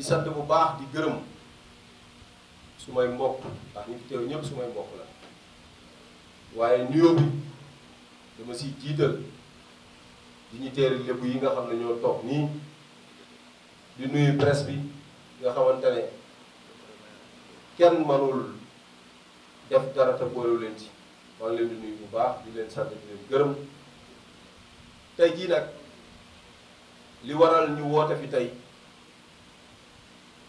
di sant bu baax di gërëm su may mbokk ndax ñu fi la waaye nuyoo bi dama si jiital di ñu teeri lépp yi nga xam ne ñoo toog nii di nuyu presse bi nga xamante ne kenn mënul def dara te boolewu leen ci maa leen di nuyu bu baax di leen sant di leen gërëm tey jii nag li waral ñu woote fi tey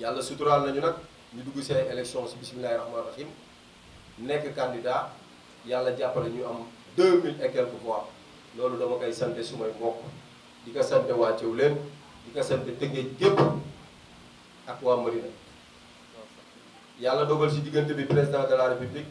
yàlla suturaal nañu nag ñu dugg seen élection si bisimilahi rahman rahim nekk candidat yàlla jàppale ñu am deux mille et quelques voix loolu dama koy sante sumay mbokk di ko sante waa leen di ko sante Tëngéej gépp ak waa Marina yàlla dogal si diggante bi président de la république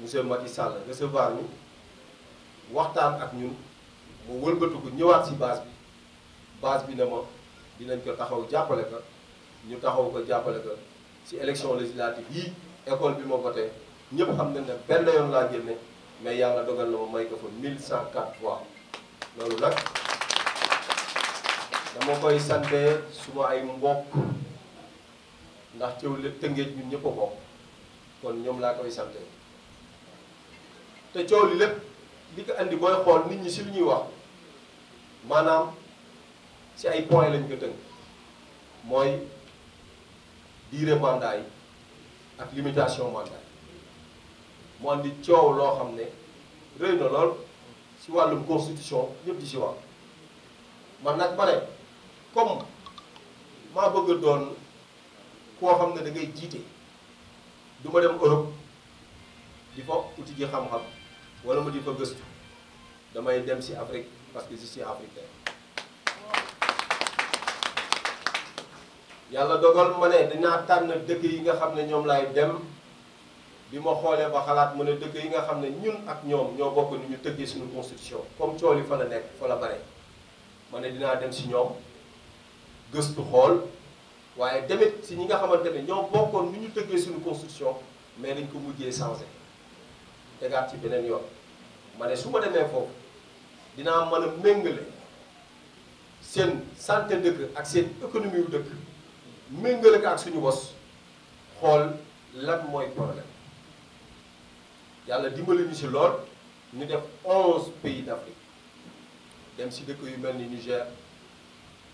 monsieur Macky Sall recevoir ñu waxtaan ak ñun mu wëlbatiku ñëwaat si baas bi base bi ne ma dinañ ko taxaw jàppale ka ñu taxaw ko jàppale ko ci élection législative yii école bi ma voté ñëpp xam nañ ne benn yoon laa génne mais yàlla dogal na ma may ko fa 1104 voix loolu nag dama koy sante suma ay mbokk ndax cëw li tëngeej ñun ñëpp a bokk kon ñoom laa koy sante te coow li lépp li ko andi booy xool nit ñi si lu ñuy wax maanaam si ay point lañ ko tënk mooy durée mandat yi ak limitation mandat yi mu coow loo xam ne rëy na lool ci wàllum constitution ñëpp di ci wax man nag ma ne comme maa bëgg doon koo xam ne dangay ngay jiite du ma dem Europe di fa uti ji xam-xam wala ma di fa gëstu damay dem ci Afrique parce que je suis africain yalla dogal ma ne dinaa tànn dëkk yi nga xam ñom lay dem bima xolé ba xalaat mu ne dëkk yi nga xam ñun ak ñom ño bokk ni ñu tëggee suñu constitution comme tool fa la nek fa la bare ma ne dinaa dem ci ñom geustu xol waye demet ci ñi nga xamantene ño bokkon ni ñu tëggee suñu constitution mais dañ ko mujjee changé tegaat ci benen yoon ma ne su ma demee foofu dinaa mën a méngale seen santé dëkk ak sen économie wu dëkk méngale ak suñu boss xol lan mooy problème yalla dimbali ñu ci lool ñu def 11 pays d'Afrique dem si dëkk yu mel ni Niger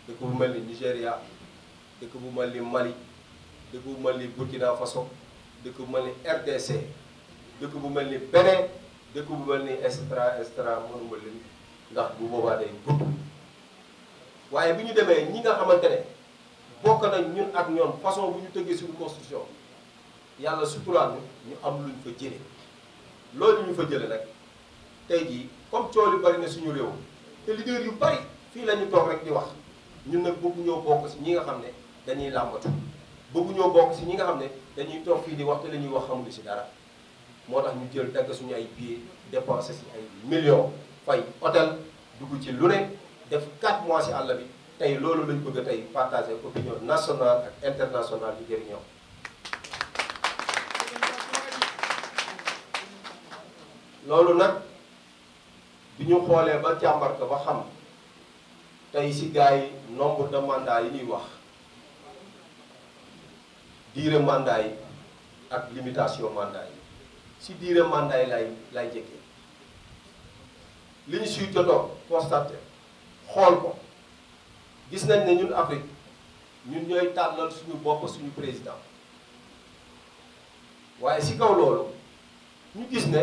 dëkk bu mel ni Nigéria dëkk bu mel ni Mali dëkk bu mel ni Burkina Faso dëkk bu mel ni RDC dëkk bu mel ni Bénin dëkk bu mel ni et cetera et cetera lim ndax bu boobaa day gudd waaye bi ñu demee ñi nga xamante bokk nag ñun ak ñoom façon bu ñu tëggee suñu constitution yàlla suturaal ñu am luñ fa jëlee loolu ñu fa jëlee nag tey jii comme coow yu bari na suñu réew te leader yu bari fii la ñu toog rek di wax ñun nag bëgguñoo bokk si ñi nga xam ne dañuy làmbatu ñoo bokk si ñi nga xam ne dañuy toog fii di wax te la ñuy wax xamuñu si dara moo tax ñu jël dagg suñu ay billets dépensé si ay millions fay hôtel dugg ci lu ne def 4 mois si àll bi. tey loolu lañ bëgg tey partager opinion national ak internationale yu jëriñoo loolu nag bi ñu xoolee ba càmbar ko ba xam tey si gars yi nombre de yi ñuy wax diire mandat yi ak limitation mandat yi si diire mandat yi lay lay jëkkee li ñu suy jotoo constaté xool ko gis nañ ne ñun Afrique ñun ñooy tànnal suñu bopp suñu président waaye si kaw loolu ñu gis ne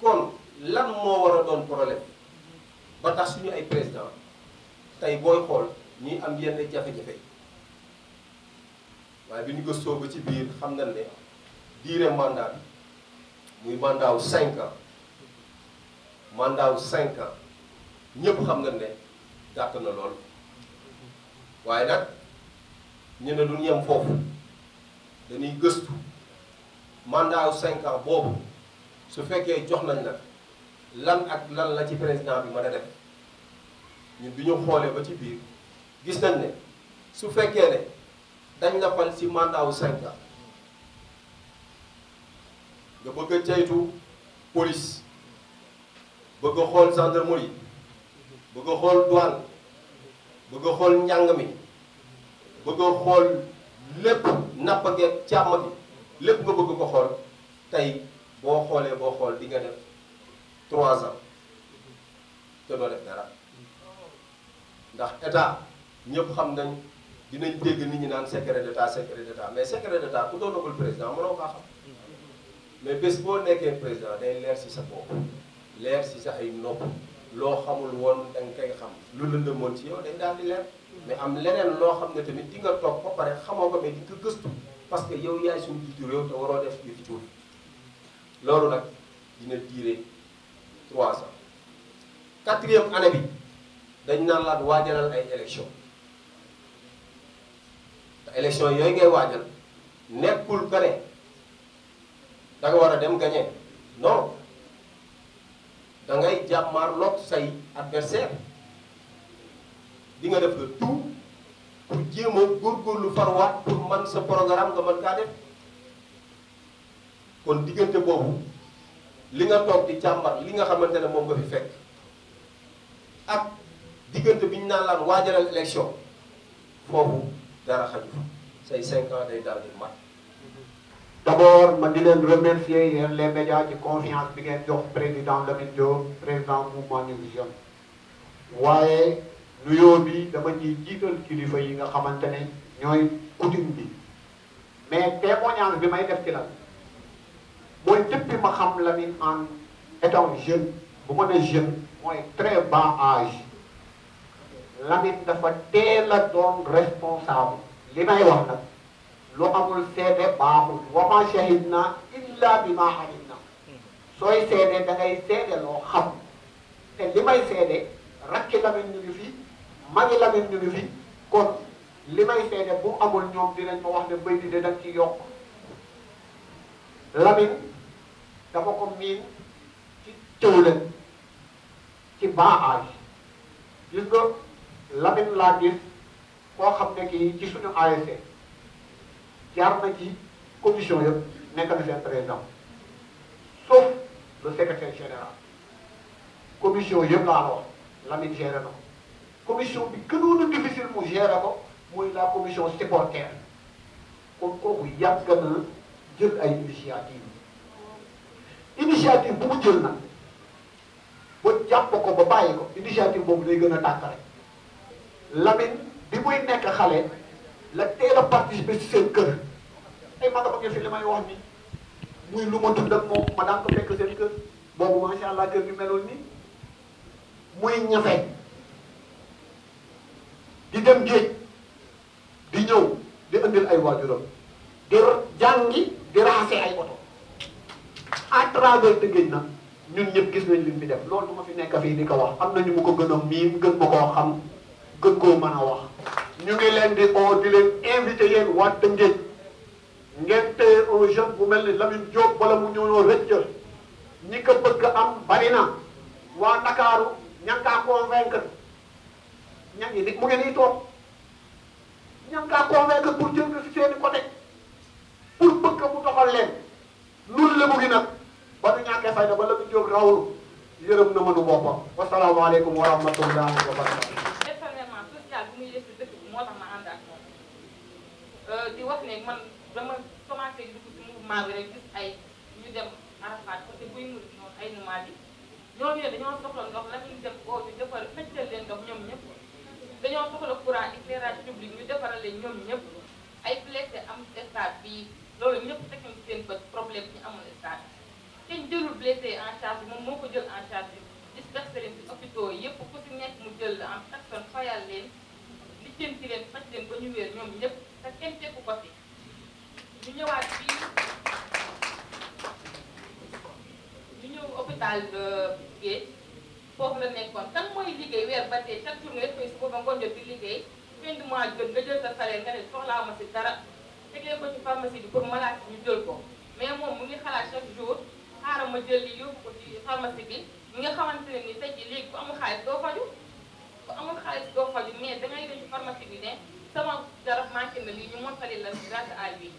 kon lan moo war a doon problème ba tax suñu ay président tey booy xool ñuy am yenn jafe-jafe waaye bi ñu gëstoo ba ci biir xam nañ ne diire mandat muy mandat cinq 5 cinq mandat ñëpp xam nañ ne. gàtt na lool waaye nag ñu ne du ñem foofu dañuy gëstu mandat wu cinq boobu su fekkee jox nañ la lan ak lan la ci président bi mën a def ñun bi ñu xoolee ba ci biir gis nañ ne su fekkee ne dañ la fal si mandat wu cinq ans nga bëgg a ceytu police bëgg a xool gendarmerie. bëgg xool douane bëgg xool njàng mi bëgg xool lépp napp geeg càmm lépp nga bëgg ko xool tey boo xoolee boo xool di nga def trois ans te doo def dara ndax état ñëpp xam nañ dinañ dégg nit ñi naan secret d'état secret d'état mais secret d'état ku doonagul président mënoo kaa xam mais bés boo nekkee président day leer si sa bopp leer si sa ay nopp loo xamul woon da nga koy xam lu lëndëmoon ci yow dañ daal di leer mais am leneen loo xam ne tamit di nga toog ba pare xamoo ko mais di nga gëstu parce que yow yaay suñu jiitu réew te waroo def yëfi cuur loolu nag dina diire trois ans quatrième année bi dañ naan laat waajalal ay élection te yooyu ngay waajal nekkul que ne da nga war a dem gagné non da ngay jàmmarloog say adversaire di nga def le tout pour jéem a góorgóorlu farwaat pour man sa programme nga mën kaa def kon diggante boobu li nga toog di jàmbar li nga xamante ne moom nga fi fekk ak diggante bi ñu naan laan waajalal élection foofu dara xaju say 5 ans di mat. d' abord ma di leen remercier yéen les médias ci confiance bi ngeen jox président Lamine Diop président mouvement New Vision waaye nuyoo bi dama ciy jiital kilifa yi nga xamante ne ñooy coutume bi mais témoignage bi may def ci lan mooy depuis ma xam Lamine en étant jeune bu ma ne jeune mooy très bas âge Lamine dafa teel a doon responsable li may wax lu amul seede baaxul wa ma shahidna illa bi ma alimna sooy seede da ngay loo xam te li may seede rakki Lamin ñu ngi fi magi Lamin ñu ngi fi kon li may seede bu amul ñoom dinañ ma wax ne béy di de danga ci yokk Lamin dama ko miin ci tëwlen ci bas âge gis nga laa gis koo xam ne kii ci suñu ASC e. jaar na ci commission yëpp nekk na seen président sauf le secrétaire général commission yëpp laa wax Lamine géré na commission bi gënoon a difficile mu géré ko mooy la commission supporter kon kooku yàgg na jël ay initiative initiative bu mu jël nag ba jàpp ko ba bàyyi ko initiative boobu day gën a tàkk rek Lamine bi muy nekk xale la teel participer ci seen kër ay magam nga fi li may wax ni muy lu ma dund ak moom ma daan ko fekk seen kër boobu macha allah kër gi meloon nii muy ñafe di dem géej di ñëw di indil ay waajuram di jàngi di raxase ay oto à travers te géej ñun ñëpp gis nañ lim bi def loolu du fi nekk fii di ko wax am na ñu mu ko gën a miim gën ma ko xam gën koo mën a wax. ñu ngi leen di oo di leen invité yéen waa Tëngéej ngeen téye un jeune bu mel ni Lamine Diop wala mu ñëwoon rëcc ñi ko bëgg am bari na waa Ndakaaru ña nga kaa convaincre ña ngi nit mu ngi nii toog ña nga kaa convaincre pour jël ko si seeni côté pour bëgg mu doxal leen loolu la mu ngi nag ba nu ñàkkee fayda ba Lamine Diop rawlu yërëm na mënu boppam wasalaamaaleykum wa rahmatullahi wa barakatu Euh, di wax ne man dama commencé dugg ci mouvement bi rek gis ay ñu dem Arafat parce que buy murit noonu ay numaa bi ñooñu ne dañoo soxla ndox la dem oo ñu defar feccal leen ndox ñoom ñëpp dañoo soxla courant éclairage public ñu defaral leen ñëpp ay blessé am stade bi loolu ñëpp teg nañu seen bët problème ñu amul stade te ñu jëlul blessé moom ko jël en charge dispersé leen ci yëpp ku ci nekk mu jël la en personne fayal leen lijjanti leen faj leen ba ñu ñoom ñëpp te kenn tegu ko fi ñu ñëwaat fii ñu ñëw hôpital Géej foofu la nekkoon kan mooy liggéey weer ba tey chaque jour nga def koy suba ba ngoon jot di liggéey fin du mois jot nga jël sa salaire nga ne soxlaa ma si dara tegee ko ci pharmacie bi pour malade ñu jël ko mais moom mu ngi xalaat chaque jour xaaral ma jël li yóbbu ko ci pharmacie bi ñi nga xamante ne ni tey la lii ñu mottali la grâce à lui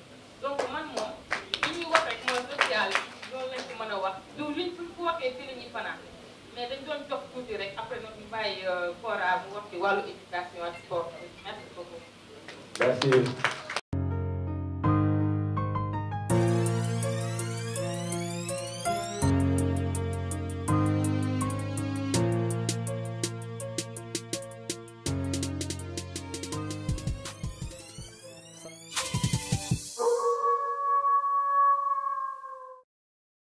donc man moom li ñuy wax rek mooy social loolu lañ ko mën a wax diw liñ suñ ko waxee ci la ñuy fanaan mais dañ doon jox tuuti rek après nag ñu bàyyi Kora euh, mu wax ci wàllu éducation ak sport merci beaucoup merci